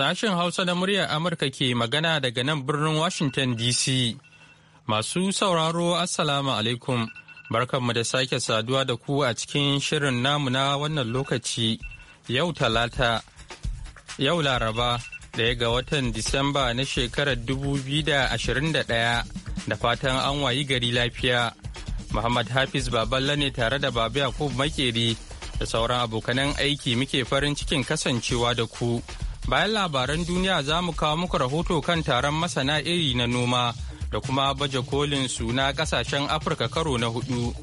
Sashen Hausa na muryar Amurka ke magana daga nan birnin Washington DC. Masu sauraro Assalamu alaikum, barkanmu da sake saduwa da ku a cikin shirin namu na wannan lokaci yau talata, yau laraba daya ga watan Disamba na shekarar 2021 da fatan an wayi gari lafiya. Muhammad Hafiz Baballa ne tare da Babu Yakubu Makeri da sauran abokanan aiki muke farin cikin kasancewa da ku. Bayan labaran duniya za mu kawo muku rahoto kan taron masana iri na noma da kuma baje kolin su na kasashen Afirka karo na hudu.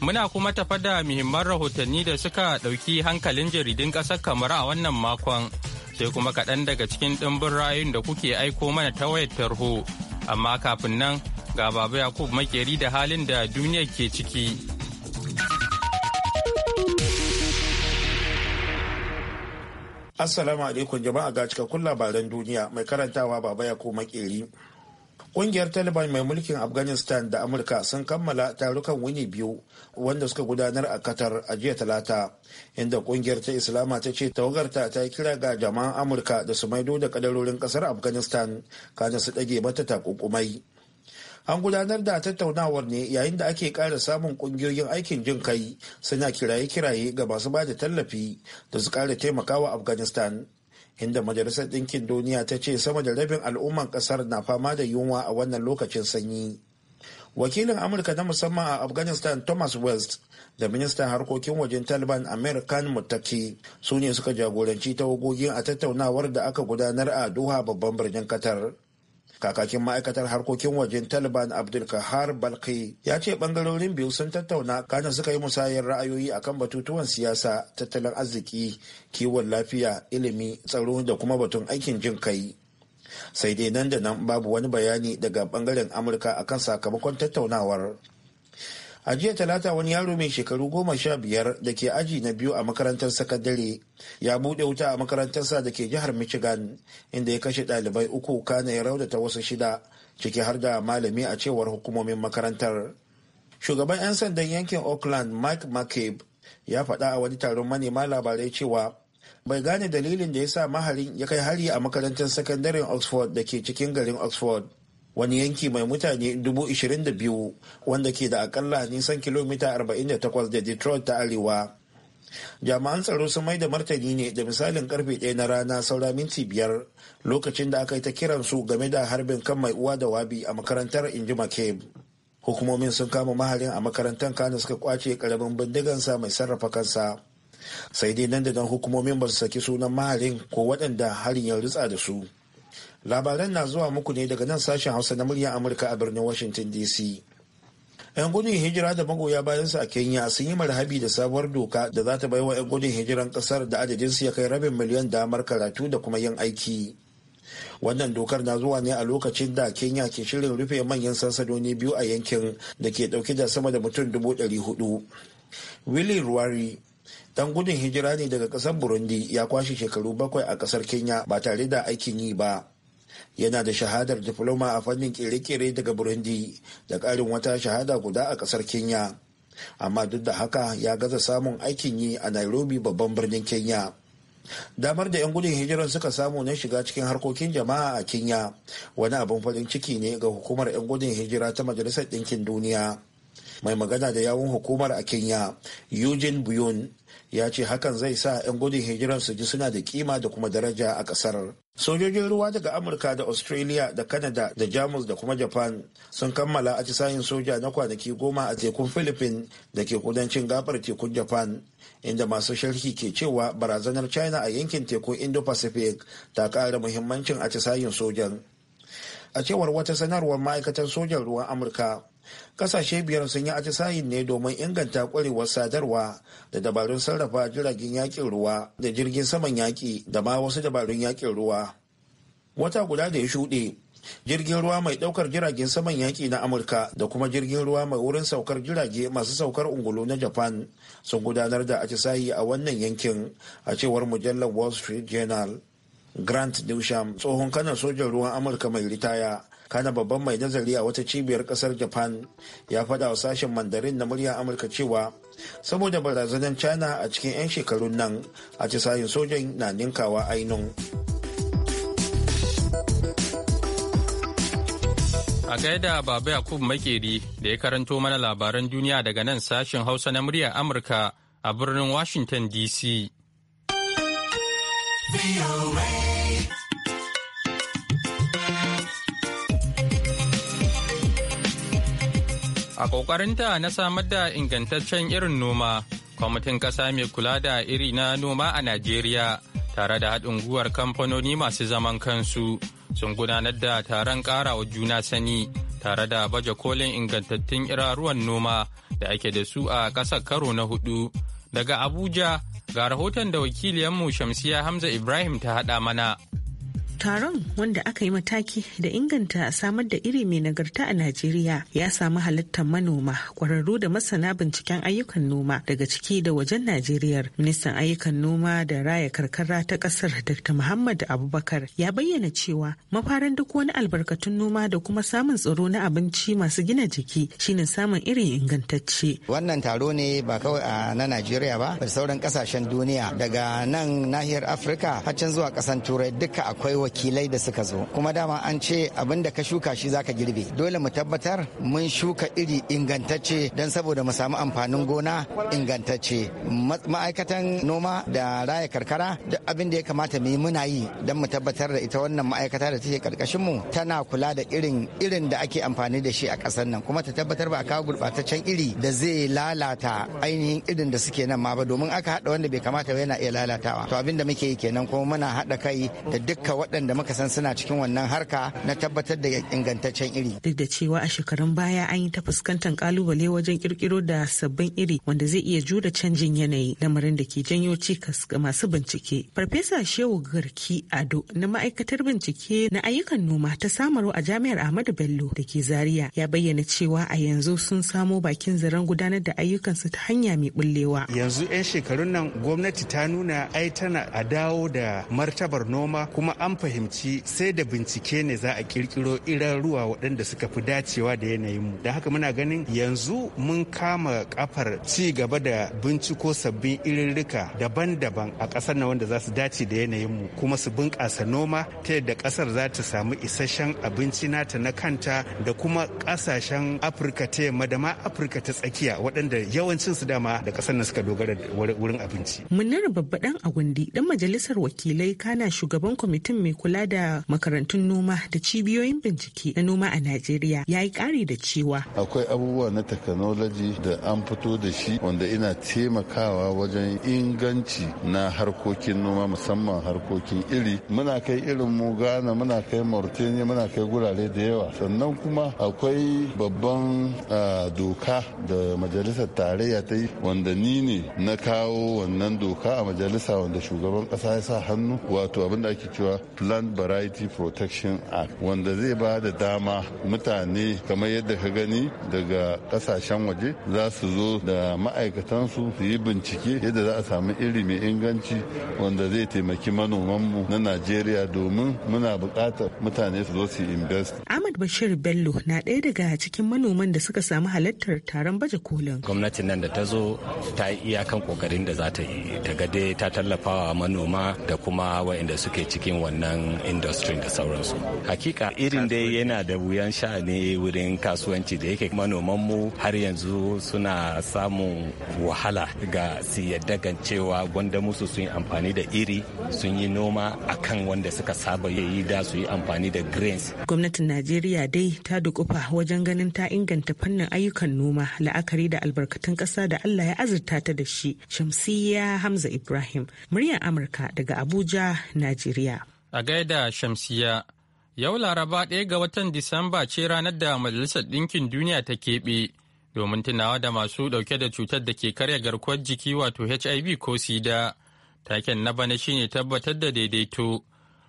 Muna kuma tafa da muhimman rahotanni da suka ɗauki hankalin jaridun ƙasar kamar a wannan makon. Sai kuma kaɗan daga cikin ɗimbin ra'ayin da kuke aiko mana ta wayar tarho. Amma kafin nan ga Babu Yakub makeri da halin da duniya ke ciki. Assalamu alaikum jama'a ga cikakkun labaran duniya mai karantawa baba ya koma makeri. Kungiyar Taliban mai mulkin Afghanistan da Amurka sun kammala tarukan wuni biyu wanda suka gudanar a Qatar a jiya talata, inda kungiyar ta Islama ta ce tawagarta ta kira ga jama'an Amurka da su maido da kadarorin kasar Afghanistan kana su dage mata takunkumai. an gudanar da tattaunawar ne yayin da ake ƙara samun ƙungiyoyin aikin jin kai suna kiraye-kiraye ga masu ba da tallafi da su ƙara taimakawa afghanistan inda majalisar ɗinkin duniya ta ce sama da rabin al'umman ƙasar na fama da yunwa a wannan lokacin sanyi wakilin amurka na musamman a afghanistan thomas west da ministan harkokin wajen taliban amir khan mutaki su ne suka jagoranci tawagogin a tattaunawar da aka gudanar a doha babban birnin qatar kakakin ma'aikatar harkokin wajen taliban abdulkahar balki ya ce bangarorin biyu sun tattauna kana suka yi musayar ra'ayoyi akan batutuwan siyasa tattalin arziki kiwon lafiya ilimi tsaro da kuma batun aikin jin kai sai dai nan da nan babu wani bayani daga bangaren amurka akan sakamakon tattaunawar a jiya talata wani yaro mai shekaru goma sha biyar da ke aji na biyu a makarantar sakandare ya buɗe wuta a makarantarsa da ke jihar michigan inda ya kashe ɗalibai uku kana ya raudata wasu shida ciki har da malami a cewar hukumomin makarantar shugaban 'yan sandan yankin auckland mike mccabe ya faɗa a wani taron manema labarai cewa bai gane dalilin da ya sa maharin ya kai hari a makarantar sakandaren oxford da ke cikin garin oxford wani yanki mai mutane 22,000 wanda ke da akalla nisan kilomita 48 da detroit ta arewa jami'an tsaro sun mai da martani ne da misalin karfe 1 na rana saura minti biyar lokacin da aka yi ta kiran su game da harbin kan mai uwa da wabi a makarantar inji mccabe hukumomin sun kama maharin a makarantar kana suka kwace karamin bindigansa mai sarrafa kansa sai dai nan da nan hukumomin ba su saki sunan maharin ko waɗanda harin ya rutsa da su labaran na zuwa muku ne daga nan sashen hausa na muryar amurka a birnin washington dc 'yan gudun hijira da magoya bayansu a kenya sun yi marhabi da sabuwar doka da za ta bai wa 'yan gudun hijiran kasar da adadin su ya kai rabin miliyan damar karatu da kuma yin aiki wannan dokar na zuwa ne a lokacin da kenya ke shirin rufe manyan sansanoni biyu a yankin da ke dauke da sama da mutum dubu ɗari hudu willy ruwari dan gudun hijira ne daga kasar burundi ya kwashe shekaru bakwai a kasar kenya ba tare da aikin yi ba yana da shahadar diploma a fannin kere-kere daga burundi da karin wata shahada guda a ƙasar kenya amma duk da haka ya gaza samun aikin yi a nairobi babban birnin kenya damar da 'yan gudun hijirar suka samu na shiga cikin harkokin jama'a a kenya wani abin farin ciki ne ga hukumar 'yan gudun hijira ta majalisar ɗinkin duniya mai magana da yawun hukumar a kenya eugene buyon ya ce hakan zai sa 'yan gudun hijiran su ji suna da kima da kuma daraja a kasar sojojin ruwa daga amurka da australia da canada da jamus da kuma japan sun kammala cisayin soja na kwanaki goma a tekun philippines da ke kudancin gabar tekun japan inda masu sharhi ke cewa barazanar china a yankin tekun indo-pacific ta kara muhimmancin cisayin sojan a cewar wata sanarwar ma'aikatan sojan ruwan amurka Kasashe biyar sun yi atisayin ne domin inganta kwarewar sadarwa da dabarun sarrafa jiragen yakin ruwa da jirgin saman yaki da ma wasu dabarun yakin ruwa. Wata guda da ya shuɗe, jirgin ruwa mai ɗaukar jiragen saman yaki na Amurka da kuma jirgin ruwa mai wurin saukar jirage masu saukar ungulu na Japan sun gudanar da atisayi a wannan yankin a cewar mujallar Wall Street Journal. Grant dusham tsohon kanan sojan ruwan Amurka mai ritaya kana babban mai nazari a wata cibiyar kasar japan ya faɗa wa sashen mandarin na murya amurka cewa saboda barazanar china a cikin 'yan shekarun nan a sayin sojan na ninkawa ainun a gaida baba yakub makeri da ya karanto mana labaran duniya daga nan sashen hausa na murya amurka a birnin washington dc A ta na samar da ingantaccen irin noma, kwamitin ƙasa mai kula da iri na noma a Najeriya tare da haɗin guwar kamfanoni masu zaman kansu sun gudanar da taron ƙarawa juna sani tare da baje kolin ingantattun iraruwan noma da ake da su a ƙasar karo na hudu. Daga Abuja ga rahoton da wakiliyanmu Shamsiya Hamza Ibrahim ta haɗa mana. Taron wanda aka yi mataki da inganta samar da iri mai nagarta a Najeriya ya samu halittar manoma kwararru da masana binciken ayyukan noma daga ciki da wajen Najeriya. Ministan ayyukan noma da raya karkara ta kasar Dr. Muhammad Abubakar ya bayyana cewa mafarin duk wani albarkatun noma da kuma samun tsaro na abinci masu gina jiki shine samun iri ingantacce. Wannan taro ne ba kawai a na Najeriya ba, da sauran kasashen duniya daga nan nahiyar Afirka har zuwa kasan Turai duka akwai wakilai da suka zo kuma dama an ce abin da ka shuka shi zaka girbe dole mu tabbatar mun shuka iri ingantacce don saboda mu samu amfanin gona ingantacce ma'aikatan noma da raya karkara duk abin da ya kamata mu yi muna yi don mu tabbatar da ita wannan ma'aikata da take karkashin mu tana kula da irin irin da ake amfani da shi a ƙasar nan kuma ta tabbatar ba a kawo gurɓataccen iri da zai lalata ainihin irin da suke nan ma ba domin aka haɗa wanda bai kamata yana iya lalatawa to abin da muke yi kenan kuma muna haɗa kai da dukkan waɗanda waɗanda muka san suna cikin wannan harka na tabbatar da ingantaccen iri. Duk da cewa a shekarun baya an yi ta fuskantar kalubale wajen kirkiro da sabbin iri wanda zai iya jure canjin yanayi lamarin da ke janyo cikas ga masu bincike. Farfesa Shehu Garki Ado na ma'aikatar bincike na ayyukan noma ta samaro a jami'ar Ahmadu Bello da ke Zaria ya bayyana cewa a yanzu sun samo bakin zaren gudanar da ayyukansu ta hanya mai bullewa. Yanzu 'yan shekarun nan gwamnati ta nuna ai tana a dawo da martabar noma kuma an fahimci sai da bincike ne za a kirkiro irin ruwa waɗanda suka fi dacewa da yanayin mu da haka muna ganin yanzu mun kama kafar ci gaba da binciko sabbin irirrika daban-daban a ƙasar na wanda za su dace da yanayin mu kuma su bunƙasa noma ta yadda ƙasar za ta samu isasshen abinci nata na kanta da kuma ƙasashen afirka ta yamma da ma afirka ta tsakiya waɗanda yawancin su dama da ƙasar nan suka dogara da wurin abinci. munar babba dan agundi dan majalisar wakilai kana shugaban kwamitin mai kula da makarantun noma da cibiyoyin bincike na noma a Najeriya ya yi ƙari da cewa. Akwai abubuwa na technology da an fito da shi wanda ina taimakawa wajen inganci na harkokin noma musamman harkokin iri. Muna kai irin mu Ghana muna kai Mauritania muna kai gurare da yawa. Sannan kuma akwai babban doka da majalisar tarayya ta yi wanda ni ne na kawo wannan doka a majalisa wanda shugaban ƙasa ya sa hannu wato abin da ake cewa Land Variety Protection Act wanda zai ba da dama mutane kamar yadda ka gani daga kasashen waje za su zo da ma'aikatansu su yi bincike yadda za a samu iri mai inganci wanda zai taimaki manomanmu na Najeriya domin muna bukatar mutane su zo su invest. Ahmad Bashir Bello na ɗaya daga cikin manoman da suka samu halartar taron baje kolin. Gwamnatin nan da ta zo ta yi iyakan kokarin da za ta yi ta gade ta tallafawa manoma da kuma waɗanda suke cikin wannan kayan industry da sauransu hakika irin dai yana da wuyan sha ne wurin kasuwanci da yake manoman mu har yanzu suna samun wahala ga su yadda gan cewa gwanda musu sun yi amfani da iri sun yi noma akan wanda suka saba yi da su yi amfani da grains gwamnatin najeriya dai ta dukufa wajen ganin ta inganta fannin ayyukan noma la'akari da albarkatun ƙasa da allah ya azurta ta da shi shamsiya hamza ibrahim muryar amurka daga abuja najeriya A gaida Shamsiya, yau Laraba ɗaya ga watan Disamba ce ranar da Majalisar Ɗinkin Duniya ta keɓe domin tunawa da masu ɗauke da cutar da ke karya garkuwar jiki wato HIV ko SIDA. Taken na bana shine tabbatar da daidaito.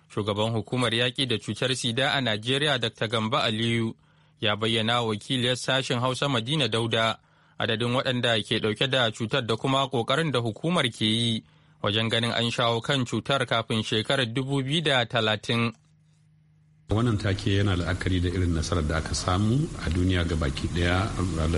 Shugaban hukumar yaƙi da cutar SIDA a Najeriya Dr. Gamba Aliyu ya bayyana wakiliyar sashen Hausa Madina Dauda adadin waɗanda ke ɗauke da cutar da kuma ƙoƙarin da hukumar ke yi wajen ganin an shawo kan cutar kafin shekarar 2030. wannan take yana la'akari da irin nasarar da aka samu a duniya ga baki daya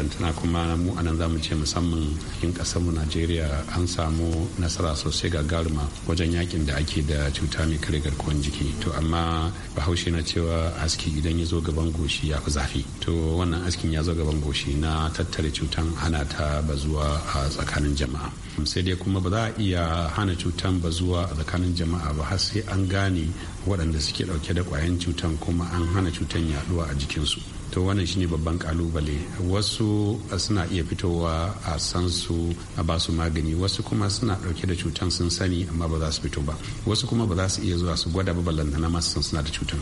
tana kuma mu anan zamu ce musamman cikin mu najeriya an samu nasara sosai ga garma wajen yakin da ake da cuta mai kare garkuwar jiki to amma bahaushe na cewa aski idan ya zo gaban goshi ya fi zafi to wannan askin ya zo gaban goshi na tattare cutan hana ta bazuwa a tsakanin jama'a sai dai kuma ba za a iya hana cutan bazuwa a tsakanin jama'a ba har sai an gane waɗanda suke ɗauke da ƙwayan cutan kuma an hana cutan yaɗuwa a jikinsu to wannan shine babban kalubale wasu uh, suna iya fitowa a san su a ba su magani wasu kuma suna ɗauke da cutan sun sani amma ba za su fito ba wasu kuma ba za su iya zuwa su gwada ba ballantana masu san suna da cutan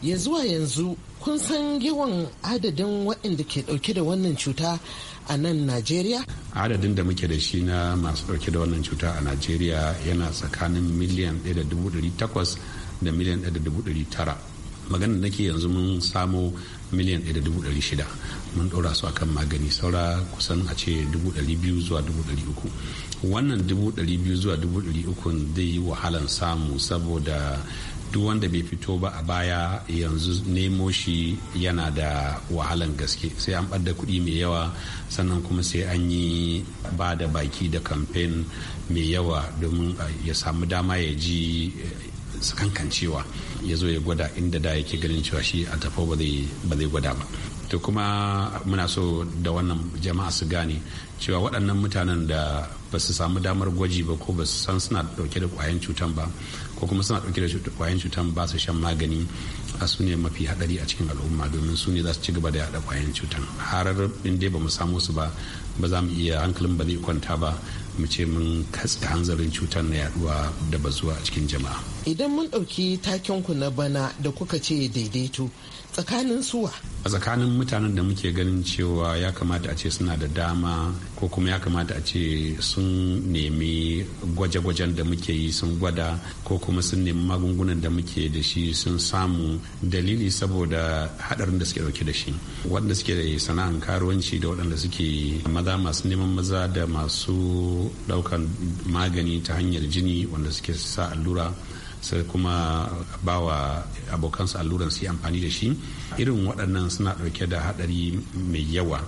ya zuwa yanzu kun san yawan adadin waɗanda ke ɗauke da wannan cuta a nan najeriya adadin da muke da shi na masu ɗauke da wannan cuta a najeriya yana tsakanin miliyan 1.8 da miliyan 1,900 maganin nake yanzu mun samu miliyan 1,600 mun ɗora su akan magani saura kusan a ce 200 zuwa 300 wannan 200 zuwa 300 zai yi wahalan samu saboda duk wanda bai fito ba a baya yanzu nemo shi yana da wahalan gaske sai an ɓadda kuɗi mai yawa sannan kuma sai an yi ba da baki da kamfen mai yawa domin ya samu dama ya ji su cewa ya zo ya gwada inda da yake ganin cewa shi a tafa ba zai gwada ba to kuma muna so da wannan jama'a su gane cewa waɗannan mutanen da ba su samu damar gwaji ba ko ba su san suna ɗauke da ƙwayan cutan ba ko kuma suna ɗauke da ƙwayan cutan ba su shan magani a su ne mafi haɗari a cikin al'umma domin su ne za su ci gaba da yaɗa ƙwayan cutan har in dai ba mu samu su ba ba za mu iya hankalin ba zai kwanta ba mu ce mun katse hanzarin cutar na yaduwa da bazuwa a cikin jama'a idan mun ɗauki takinku na bana da kuka ce daidaito tsakanin suwa a tsakanin mutanen da muke ganin cewa ya kamata a ce suna da dama ko kuma ya kamata a ce sun nemi gwaje-gwajen da muke yi sun gwada ko kuma sun nemi magungunan da muke da shi sun samu dalili saboda hadarin da suke dauke da shi wanda suke da sana'an karuwanci da waɗanda suke maza masu neman maza da masu ɗaukan magani ta hanyar jini wanda suke sa allura sai kuma bawa abokansu alluran su yi amfani da shi irin waɗannan suna ɗauke da haɗari mai yawa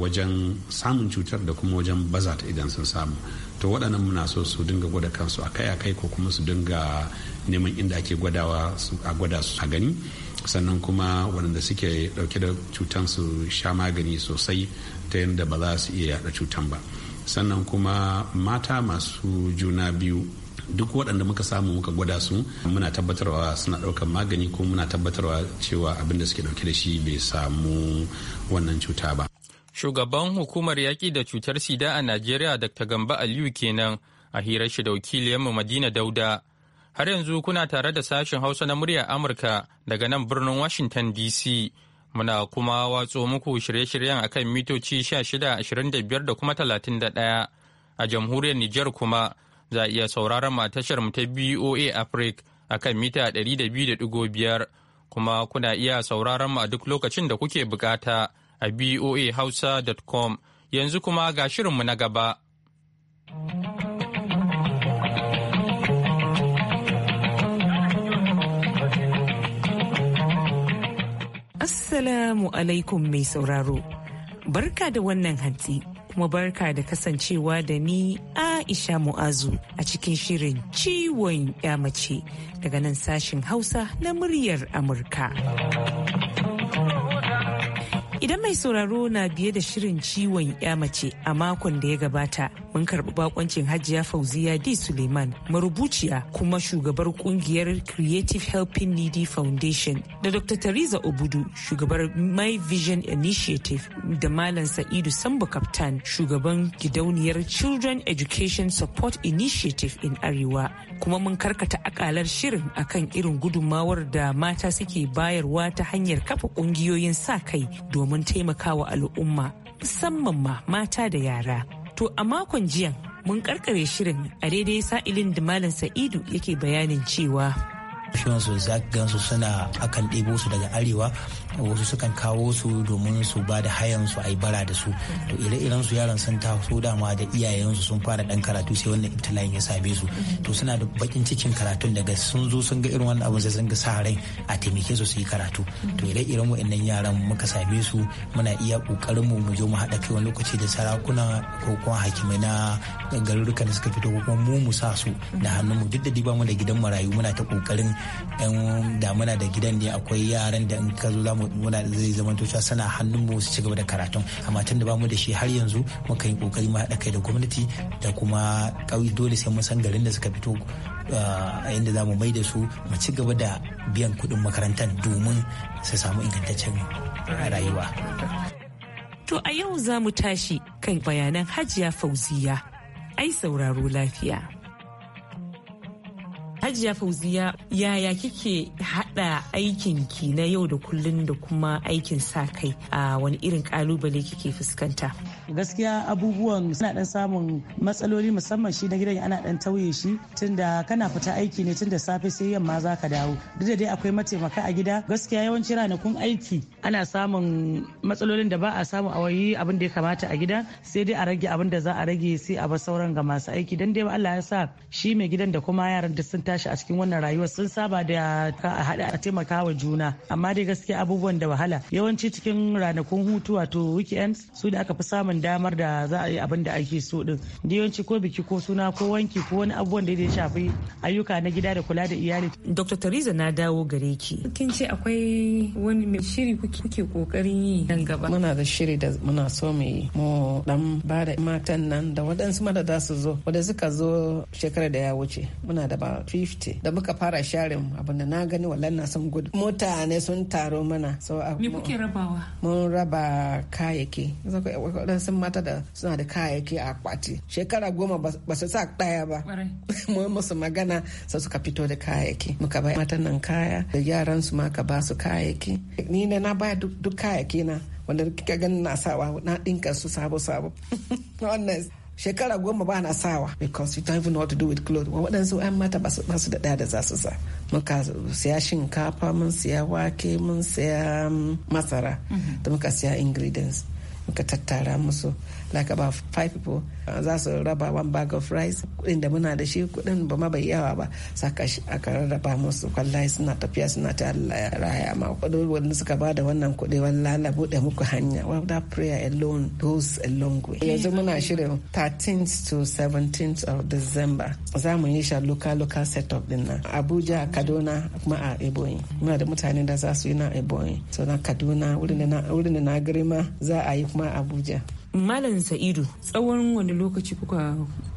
wajen samun cutar da kuma wajen baza ta idan sun samu to waɗannan muna so su dinga gwada kansu a kai a kai ko kuma su dinga neman inda ake gwadawa a gwada su a gani sannan kuma waɗanda suke ɗauke da cutan su sha magani sosai ta yadda ba za su iya yaɗa cutan ba sannan kuma mata masu juna biyu duk waɗanda muka samu muka gwada su muna tabbatarwa suna ɗaukar magani ko muna tabbatarwa cewa abin da suke ɗauke da shi bai samu wannan cuta ba shugaban hukumar yaƙi da cutar sida a najeriya dr gamba aliyu kenan a hirar shi da wakiliyanmu madina dauda har yanzu kuna tare da sashen hausa na murya amurka daga nan birnin washington dc muna kuma watso muku shirye-shiryen akan mitoci ashirin da kuma 31 a jamhuriyar nijar kuma za a iya sauraron tashar mu ta BOA Africa a kan mita 200.5 kuma kuna iya sauraron mu a duk lokacin da kuke bukata a boahausa.com yanzu kuma ga shirin mu na gaba. Assalamu alaikum mai sauraro, barka da wannan hanti. kuma barka da kasancewa da ni Aisha Mu'azu a cikin shirin ciwon mace daga nan sashin Hausa na muryar Amurka. Idan mai sauraro na biye da shirin ciwon ya mace a makon da ya gabata, mun karɓi bakoncin Hajiya Fauziya D. Suleiman, marubuciya kuma shugabar kungiyar Creative Helping Needy Foundation da Dr. Theresa Obudu, shugabar My Vision Initiative da Malam Sa'idu Sambo Kaftan, shugaban gidauniyar Children Education Support Initiative in Arewa. Kuma mun karkata akalar shirin akan irin gudunmawar da mata suke bayarwa ta hanyar kafa kungiyoyin sa kai domin domin taimakawa al'umma musamman ma mata da yara. To a makon jiya mun karkare shirin a daidai sa'ilin da Malam Sa'idu yake bayanin cewa. Shiwansu zaki gansu suna akan ɗebo su daga arewa wasu sukan kawo su domin su ba da hayan su a bara da su to ire-iren su yaran sun taso dama da iyayen su sun fara dan karatu sai wannan ibtilayin ya same su to suna da bakin cikin karatun daga sun zo sun ga irin wannan abin sai sun ga sa rai a taimake su su yi karatu to ire-iren waɗannan yaran muka same su muna iya kokarin mu mu zo mu haɗa kai wani lokaci da sarakuna ko kuma hakimai na garuruka da suka fito ko kuma mu mu sa su da hannun mu duk da diba mu da gidan marayu muna ta kokarin dan damuna da gidan ne akwai yaran da in ka zo za mu zai zama to cewa hannun mu su cigaba da karatun amma tun da ba mu da shi har yanzu muka yi kokari mu haɗa kai da gwamnati da kuma ƙauye dole sai mu san garin da suka fito ah, a yadda za mu mai da su mu ci gaba da biyan kuɗin makarantar domin su samu ingantaccen rayuwa. To a yau za mu tashi kan bayanan Hajiya Fauziya. Ai sauraro lafiya. Hajiya Fauziya yaya kike hada aikin ki na yau da kullun da kuma aikin sa kai a ah, wani irin kalubale kike fuskanta? gaskiya abubuwan suna dan samun matsaloli musamman shi na gidan ana dan tauye shi tunda kana fita aiki ne tunda safe sai yamma za ka dawo duk da dai akwai mataimaka a gida gaskiya yawanci ranakun aiki ana samun matsalolin da ba a samu a wayi abin da ya kamata a gida sai dai a rage abin da za a rage sai a bar sauran ga masu aiki dan dai Allah ya sa shi mai gidan da kuma yaran da sun tashi a cikin wannan rayuwar sun saba da a haɗa a taimaka wa juna amma dai gaskiya abubuwan da wahala yawanci cikin ranakun hutu wato weekends su da aka fi samun samun damar da za a yi abin da ake so din yawanci ko biki ko suna ko wanki ko wani abubuwan da ya shafi ayyuka na gida da kula da iyali dr theresa na dawo gare ki kin ce akwai wani mai shiri kuke kokarin yi nan gaba muna da shiri da muna so mu yi mu dan ba da matan nan da waɗansu mata za su zo wanda suka zo shekarar da ya wuce muna da ba 50 da muka fara sharin abin da na gani wallan na sun gudu mutane sun taro mana so me kuke rabawa mun raba kayayyaki sun mata da suna da kayayyaki a akwati shekara goma ba su sa ɗaya ba mu musu magana sai suka fito da kayayyaki muka bai matan nan kaya da yaran su ma ka ba su kayayyaki ni na baya duk kayayyaki na wanda kika ganin na sawa na dinka su sabo sabo wannan shekara goma ba na sawa because you don't even know what to do with clothes wa waɗansu an mata ba su da ɗaya da za su sa muka siya shinkafa mun siya wake mun siya mm, masara mm-hmm. da muka siya ingredients muka tattara musu like about five people uh, za su raba one bag of rice kudin da muna da shi kudin ba ma bai yawa ba saka aka rarraba musu kwallaye suna tafiya suna ta raya ma kudin wanda suka ba da wannan kudi wallahi lalabu bude muku hanya well that prayer alone goes a long way yanzu muna shirin 13th to 17th of December za mu yi sha local local setup din nan Abuja Kaduna kuma a Ebonyi muna da mutane da za su yi na Ebonyi so na Kaduna wurin da na girma za a yi kuma Abuja malam sa'idu tsawon wani lokaci kuka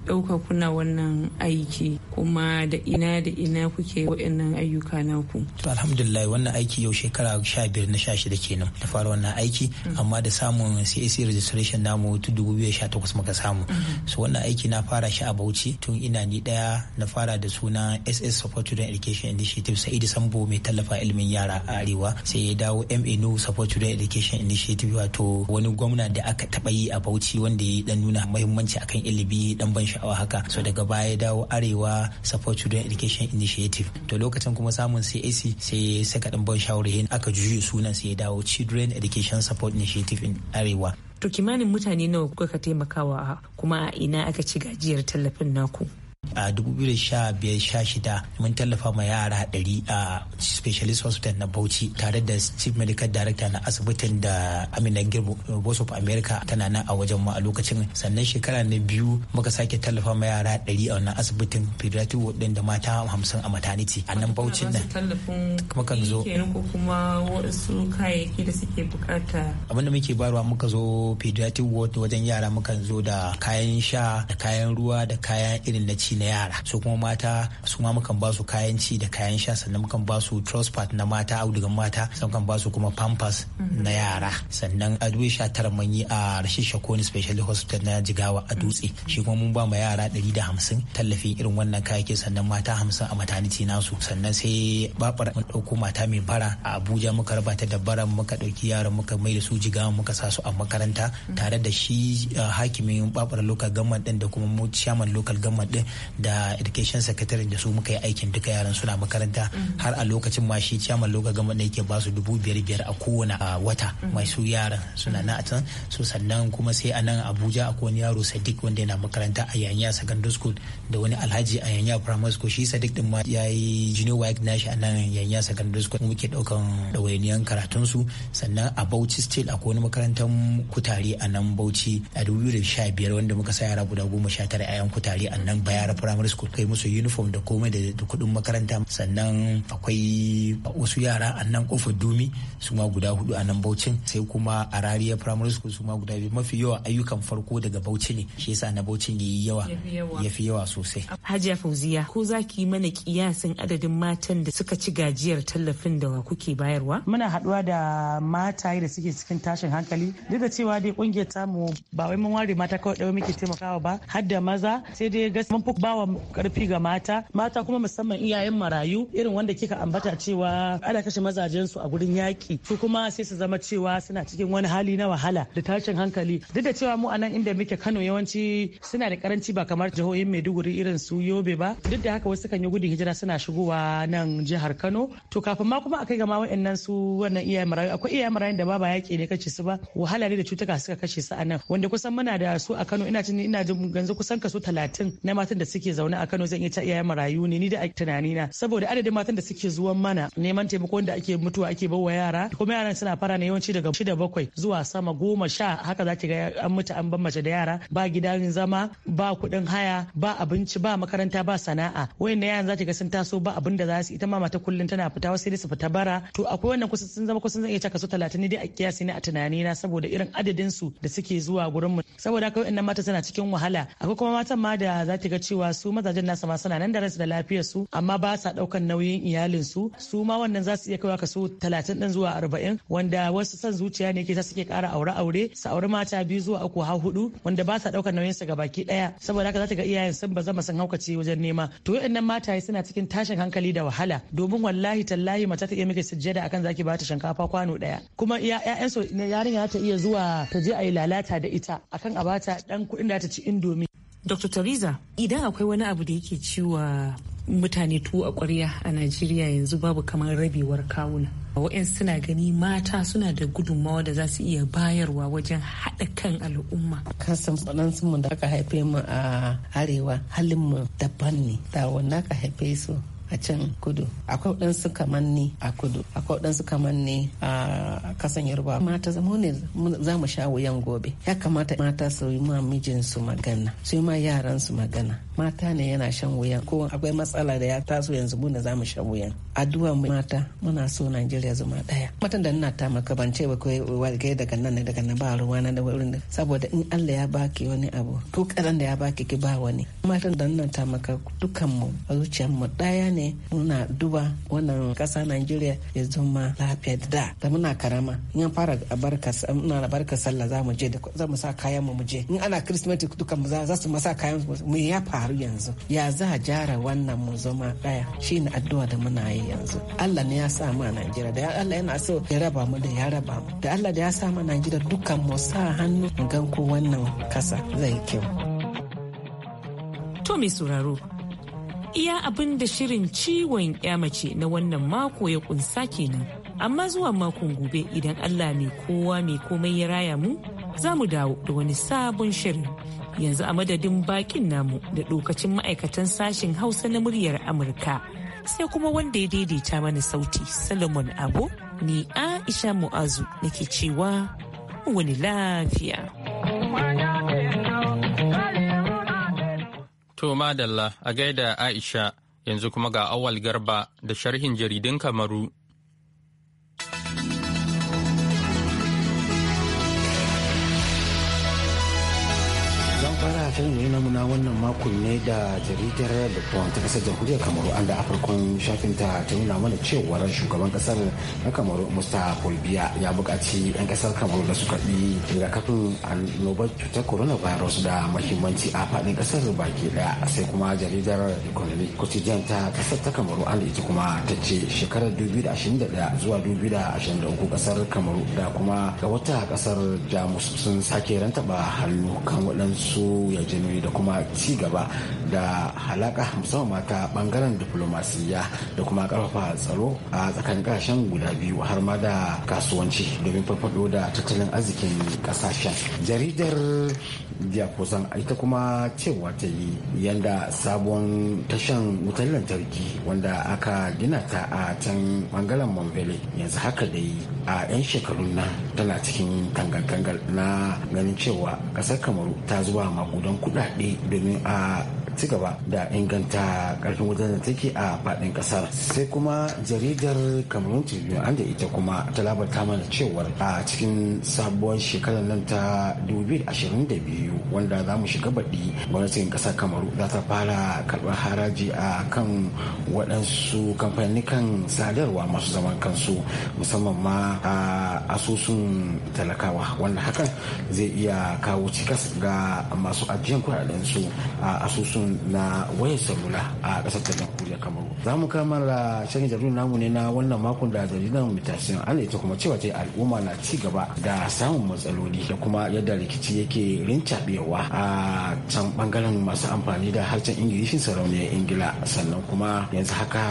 ɗauka kuna wannan aiki kuma da ina da ina kuke waɗannan ayyuka naku to alhamdulillah wannan aiki yau shekara sha biyar na sha shida kenan da fara wannan aiki mm. amma da samun CAC registration namu tun dubu biyu sha takwas muka samu mm-hmm. so wannan aiki na fara shi a Bauchi tun ina ni ɗaya na fara da suna SS Support Children Education Initiative Sa'idu Sambo mai tallafa ilimin yara a Arewa sai ya dawo MA Support Children Education Initiative wato wani gwamna da aka taɓa yi a Bauchi wanda ya dan nuna muhimmanci akan ilimi dan ban sha'awa haka so daga baya dawo arewa support children education initiative to lokacin kuma samun CAC sai saka dan ban shawarin aka juye sunan sai ya dawo children education support initiative in arewa to kimanin mutane nawa kuka taimakawa kuma a ina aka ci gajiyar tallafin naku a 2015-16 mun tallafa ma yara 100 a specialist hospital na bauchi tare da chief medical director na asibitin da amina girbo voice of america tana nan a wajen mu a lokacin sannan shekara na biyu muka sake tallafa ma yara 100 a wannan asibitin pediatric ward din da mata 50 a maternity a nan na nan kan zo ko kuma wasu kayayyaki da suke bukata abin da muke barwa muka zo pediatric ward wajen yara muka zo da kayan sha da kayan ruwa da kayan irin na ci ci na yara su kuma mata su ma mukan ba su kayan ci da kayan sha sannan mukan ba su trust na mata audugan mata sannan ba su kuma pampers mm-hmm. na yara sannan a dubu sha tara mun yi a rashin shakoni special hospital na jigawa a dutse mm-hmm. shi kuma mun ba ma yara ɗari da hamsin tallafin irin wannan kayakin sannan mata hamsin a mataniti nasu sannan sai babar mun ɗauko mata mai bara a abuja muka raba ta da bara muka ɗauki yaran muka mai da su jigawa muka sa su a makaranta mm-hmm. tare da shi uh, hakimin lokal local government din da kuma mu chairman local government din da education secretary da su muka yi aikin duka yaran suna makaranta har a lokacin ma shi chairman gama ne yake ba su dubu biyar biyar a kowane wata mai su yaran suna na a can so sannan kuma sai a nan abuja akwai wani yaro sadiq wanda yana makaranta a yanya secondary school da wani alhaji a yanya primary school shi sadiq din ma ya yi junior wife nashi a nan yanya secondary school muke daukan dawainiyan karatun su sannan a bauchi state akwai wani makarantar kutare a nan bauchi a 2015 wanda muka sa yara guda goma sha tara a yan kutare a nan bayar yara primary school kai musu uniform da komai da kuɗin makaranta sannan akwai wasu yara a nan kofar dumi su ma guda hudu a nan baucin sai kuma a rariya primary school su ma guda biyu mafi yawa ayyukan farko daga bauchi ne shi yasa na baucin yi yawa yafi yawa sosai hajiya fauziya ko za ki mana kiyasin adadin matan da suka ci gajiyar tallafin da kuke bayarwa muna haduwa da mataye da suke cikin tashin hankali duk da cewa dai kungiyar tamu ba wai mun ware mata kawai ɗaya muke taimakawa ba har da maza sai dai gas mun fi bawa karfi ga mata mata kuma musamman iyayen marayu irin wanda kika ambata cewa ana kashe mazajen su a gurin yaki su kuma sai su zama cewa suna cikin wani hali na wahala da tashin hankali duk da cewa mu a nan inda muke Kano yawanci suna da karanci ba kamar jihohin Maiduguri irin su Yobe ba duk da haka wasu kan yi gudun hijira suna shigowa nan jihar Kano to kafin ma kuma akai ga ma wa'annan su wannan iyayen marayu akwai iyayen marayun da ba ba yaƙi ne kace su ba wahala ne da cutuka suka kashe su a nan wanda kusan muna da su a Kano ina jin ina jin ganzu kusan kaso talatin na matan da suke zaune a Kano zan iya ta iyayen marayu ne ni da tunani na saboda adadin matan da suke zuwan mana neman taimako da ake mutuwa ake bawa yara kuma yaran suna fara ne yawanci daga shida bakwai zuwa sama goma sha haka za ki ga an mutu an ban mace da yara ba gidan zama ba kuɗin haya ba abinci ba makaranta ba sana'a wayannan yaran za ki ga sun taso ba abin da za su ita ma mata kullun tana fita wasu su fita bara to akwai wannan kusa sun zama kusan zan iya ta kaso talatin ne dai a kiyasi ne a tunani na saboda irin adadin su da suke zuwa gurin mu saboda haka wayannan mata suna cikin wahala akwai kuma matan ma da za ga cewa cewa su mazajen nasa ma suna nan da rasu da lafiyar su amma ba sa daukan nauyin iyalin su su ma wannan za su iya kaiwa kaso 30 din zuwa 40 wanda wasu san zuciya ne ke ta suke kara aure aure su aure mata biyu zuwa uku har hudu wanda ba sa daukan nauyin su ga baki daya saboda haka za ta ga iyayen sun ba zama san haukace wajen nema to wayannan mataye suna cikin tashin hankali da wahala domin wallahi tallahi mata ta iya miki sujjada akan zaki ba ta shinkafa kwano daya kuma ƴaƴan su yarinya ta iya zuwa ta je a yi lalata da ita akan a bata dan kuɗin da ta ci indomi Dr. Theresa, idan akwai wani abu da yake ciwa mutane tuwo a kwarya a Najeriya yanzu babu kamar rabewar kawuna. wa'in suna gani mata suna da gudunmawa da za su iya bayarwa wajen haɗa kan al'umma. Kasan faɗansu mu da aka haife mu a arewa halin mu daban ne. Da wannan aka haife su a can kudu akwai waɗansu kamanni a kudu akwai waɗansu kamanni a kasan yarba mata mu ne za mu sha wuyan gobe ya kamata mata su yi ma mijinsu magana su yi ma yaransu magana mata ne yana shan wuya ko akwai matsala da ya taso yanzu mu da zamu shan wuya addu'a mu mata muna so Najeriya zama daya matan da ina ta maka ban ce ba kai daga nan ne daga nan ba ruwa na da wurin saboda in Allah ya baki wani abu to karan da ya baki ki ba wani matan da ina ta maka dukan mu zuciyar mu daya ne muna duba wannan kasa Najeriya ya zama lafiya da da muna karama in fara barka muna barka sallah zamu je da zamu sa kayan mu mu je in ana Christmas dukan mu za su masa kayan mu ya fara har yanzu ya za a jara wannan mu zama daya shine addu'a da muna yi yanzu Allah ne ya sa mu a Najeriya da Allah yana so ya raba mu da ya raba mu da Allah da ya sa mu a Najeriya dukkan mu sa hannu gan ko wannan kasa zai kyau to mai sauraro iya abin da shirin ciwon ya mace na wannan mako ya kunsa kenan amma zuwa makon gobe idan allah mai kowa mai komai ya raya mu za mu dawo da wani sabon shirin yanzu a madadin bakin namu da lokacin ma'aikatan sashen hausa na muryar amurka sai kuma wanda ya daidaita mana sauti solomon abu ni aisha mu'azu nake cewa wani lafiya to madalla a gaida aisha yanzu kuma ga awal garba da sharhin jaridun kamaru fara shirin ne namuna wannan makon ne da jaridar da ta kasar jamhuriyar kamaru an da a farkon shafin ta ta nuna mana cewar shugaban kasar na kamaru musta kolbiya ya buƙaci 'yan kasar kamaru da su karɓi rigakafin annobar cutar coronavirus da mahimmanci a faɗin kasar baki daya sai kuma jaridar economic quotidian ta kasar ta kamaru an ita kuma ta ce shekarar 2021 zuwa 2023 kasar kamaru da kuma ga wata kasar jamus sun sake rantaba hannu kan waɗansu ya yarjejeniyoyi da kuma ci gaba da halaka musamman ta bangaren diplomasiya da kuma karfafa tsaro a tsakanin kasashen guda biyu har ma da kasuwanci domin farfado da tattalin arzikin kasashen jaridar kusan ita kuma cewa ta yi yanda sabon tashan wutar lantarki wanda aka gina ta a can bangaren mambele yanzu haka da yi a 'yan shekarun nan tana cikin tangal na ganin cewa kasar kamaru ta zuba makudan kuɗaɗe domin a ci gaba da inganta karfin wutar take a faɗin ƙasar sai kuma jaridar cameroon tv an da ita kuma ta labarta mana cewar a cikin sabuwar shekarar nan ta 2022 wanda za mu shiga baɗi gwamnatin ƙasar kamaru za ta fara karɓar haraji a kan waɗansu kamfanin kan sadarwa masu zaman kansu musamman ma a asusun talakawa wanda hakan zai iya kawo cikas ga masu ajiyan kuɗaɗen su a asusun na wayar salula a kasar ta jamhuriyar kamaru za mu kammala shirin jaridar namu ne na wannan makon da jaridar mutashin an ita kuma cewa ta al'umma na ci gaba da samun matsaloli da kuma yadda rikici yake rincaɓewa a can bangaren masu amfani da harshen ingilishin sarauniyar ingila sannan kuma yanzu haka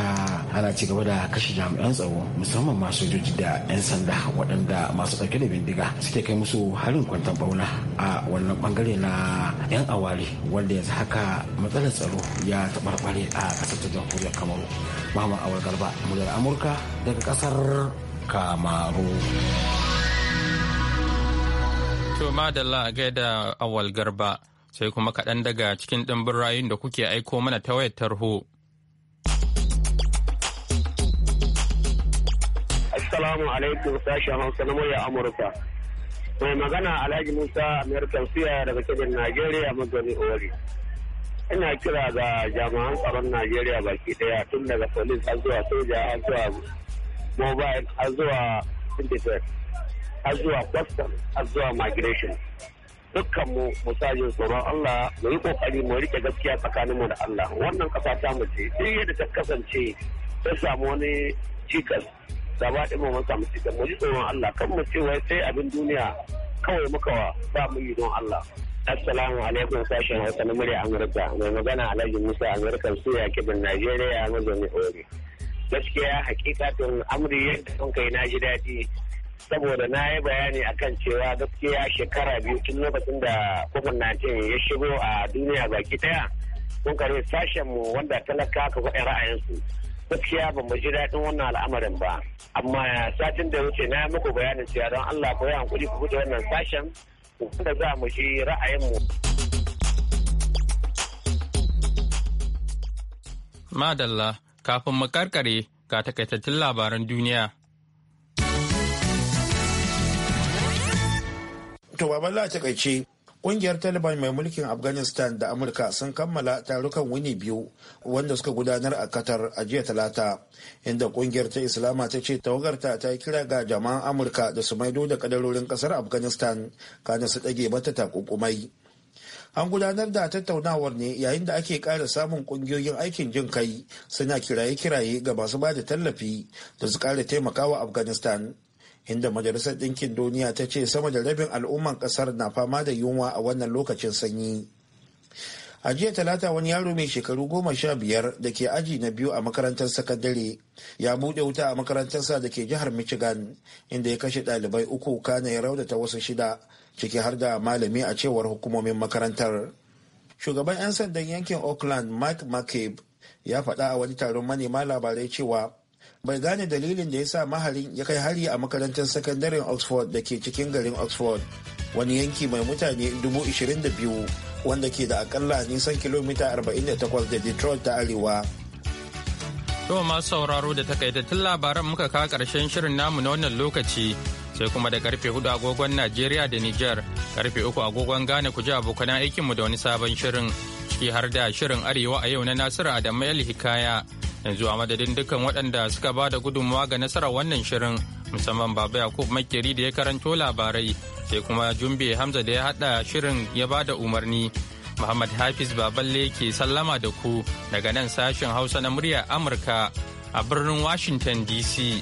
ana ci gaba da kashe jami'an tsaro musamman masu sojoji da 'yan sanda waɗanda masu ɗauke da bindiga suke kai musu harin kwantar bauna a wannan bangare na 'yan awari wanda yanzu haka matsalar tsaro ya tabarbare a kasar ta jamhuriyar kamaru muhammad awal garba muryar amurka daga kasar kamaru to madalla a gaida awal garba sai kuma kaɗan daga cikin ɗimbin rayun da kuke aiko mana ta wayar tarho. Assalamu alaikum sashen Hausa na murya Amurka. Mai magana Alhaji Musa American Suya daga kebin Najeriya magani Ori. ina kira ga jami'an tsaron najeriya baki daya tun daga police har zuwa soja har zuwa mobile har zuwa indifes har zuwa custom har zuwa migration dukkan mu mu tsoron allah mu yi kokari mu rike gaskiya tsakanin mu da allah wannan kasa ta mu ce duk yadda ta kasance ta samu wani cikas gaba ɗin mu samu cikas mu ji tsoron allah kan mu ce wai sai abin duniya kawai muka ba mu yi don allah Assalamu alaikum sashen Hausa na murya Amurka mai magana Alhaji Musa ya Suya kibin Najeriya mazauni Ori. Gaskiya hakikatin amri yadda sun kai na ji daɗi saboda na yi bayani akan cewa gaskiya shekara biyu tun lokacin da covid ce ya shigo a duniya baki ɗaya kun kare sashen mu wanda talaka ka kwaɗin ra'ayinsu. Gaskiya ba mu ji daɗin wannan al'amarin ba. Amma satin da wuce na yi muku bayanin cewa don Allah ku yi hankuli ku wannan sashen wanda za mu shi ra'ayinmu. Madalla, kafin mu karkare ga takaitattun labaran duniya. To, baban la takaice Ƙungiyar Taliban mai mulkin Afghanistan da Amurka sun kammala tarukan wuni biyu wanda suka gudanar a Qatar a jiya talata, inda ƙungiyar ta Islama ta ce tawagarta ta kira ga jama'an Amurka da su maido da kadarorin ƙasar Afghanistan kana su ɗage mata takunkumai. An gudanar da tattaunawar ne yayin da ake ƙara samun ƙungiyoyin aikin jin kai suna kiraye-kiraye ga masu ba da tallafi da su kara taimakawa Afghanistan. inda majalisar ɗinkin duniya ta ce sama da rabin al'umman ƙasar na fama da yunwa a wannan lokacin sanyi a jiya talata wani yaro mai shekaru goma sha biyar da ke aji na biyu a makarantar sakandare ya buɗe wuta a makarantarsa da ke jihar michigan inda ya kashe ɗalibai uku kana ya ta wasu shida ciki har da malami a cewar hukumomin makarantar shugaban 'yan sandan yankin oakland mike mccabe ya faɗa a wani taron manema labarai cewa bai gane dalilin da ya sa mahalin ya kai hari a makarantar sakandaren oxford da ke cikin garin oxford wani yanki mai mutane 22,000 wanda ke da akalla nisan kilomita 48 da detroit ta arewa To masu sauraro da takaitattun labaran muka ka karshen shirin namu na wannan lokaci sai kuma da karfe hudu agogon Najeriya da niger karfe uku agogon Ghana ku ji abokan aikinmu da wani sabon shirin ciki har da shirin Arewa a yau na Nasiru Adamu El Hikaya. yanzu a madadin dukkan waɗanda suka ba da gudunmawa ga nasarar wannan shirin musamman baba yakub makeri da ya karanto labarai sai kuma jumbe hamza da ya haɗa shirin ya ba da umarni muhammad hafiz baballe ke sallama da ku daga nan sashen hausa na murya amurka a birnin washington dc